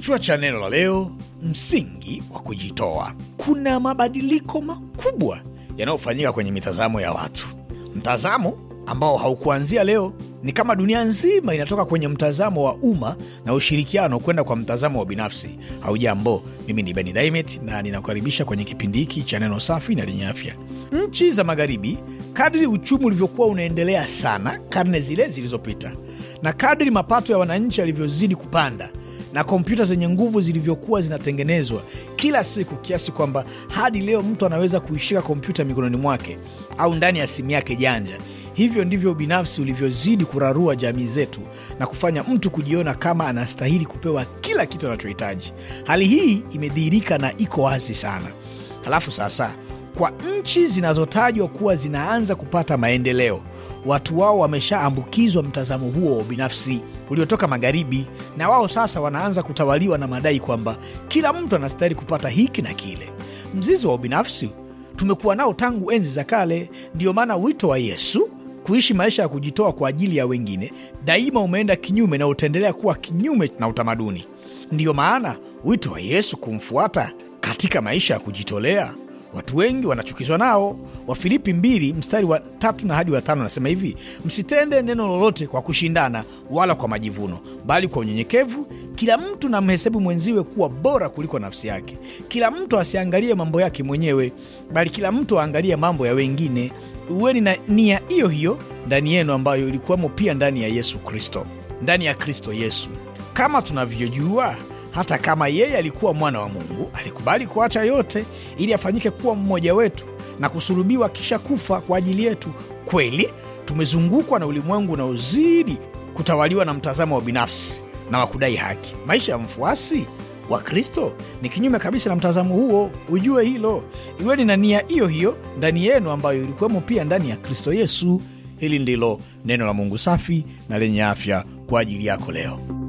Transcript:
Kichwa cha neno la leo: msingi wa kujitoa. Kuna mabadiliko makubwa yanayofanyika kwenye mitazamo ya watu, mtazamo ambao haukuanzia leo. Ni kama dunia nzima inatoka kwenye mtazamo wa umma na ushirikiano kwenda kwa mtazamo wa binafsi. Haujambo, mimi ni Beni Daimet na ninakukaribisha kwenye kipindi hiki cha neno safi na lenye afya. Nchi za Magharibi, kadri uchumi ulivyokuwa unaendelea sana karne zile zilizopita na kadri mapato ya wananchi yalivyozidi kupanda na kompyuta zenye nguvu zilivyokuwa zinatengenezwa kila siku, kiasi kwamba hadi leo mtu anaweza kuishika kompyuta mikononi mwake au ndani ya simu yake janja. Hivyo ndivyo ubinafsi ulivyozidi kurarua jamii zetu na kufanya mtu kujiona kama anastahili kupewa kila kitu anachohitaji. Hali hii imedhihirika na iko wazi sana. Halafu sasa, kwa nchi zinazotajwa kuwa zinaanza kupata maendeleo watu wao wameshaambukizwa mtazamo huo wa ubinafsi uliotoka magharibi, na wao sasa wanaanza kutawaliwa na madai kwamba kila mtu anastahili kupata hiki na kile. Mzizi wa ubinafsi tumekuwa nao tangu enzi za kale. Ndiyo maana wito wa Yesu kuishi maisha ya kujitoa kwa ajili ya wengine daima umeenda kinyume na utaendelea kuwa kinyume na utamaduni. Ndiyo maana wito wa Yesu kumfuata katika maisha ya kujitolea watu wengi wanachukizwa nao. Wafilipi b mstari wa tatu na hadi wa tano anasema hivi: msitende neno lolote kwa kushindana wala kwa majivuno, bali kwa unyenyekevu kila mtu na mhesebu mwenziwe kuwa bora kuliko nafsi yake. Kila mtu asiangalie mambo yake mwenyewe, bali kila mtu aangalie mambo ya wengine. Uweni na nia hiyo hiyo ndani yenu, ambayo ilikuwamo pia ndani ya Yesu Kristo, ndani ya Kristo Yesu, kama tunavyojua hata kama yeye alikuwa mwana wa Mungu, alikubali kuacha yote ili afanyike kuwa mmoja wetu na kusulubiwa kisha kufa kwa ajili yetu. Kweli tumezungukwa na ulimwengu unaozidi kutawaliwa na mtazamo wa binafsi na wa kudai haki. Maisha ya mfuasi wa Kristo ni kinyume kabisa na mtazamo huo. Ujue hilo, iweni na nia hiyo hiyo ndani yenu ambayo ilikuwemo pia ndani ya Kristo Yesu. Hili ndilo neno la Mungu safi na lenye afya kwa ajili yako leo.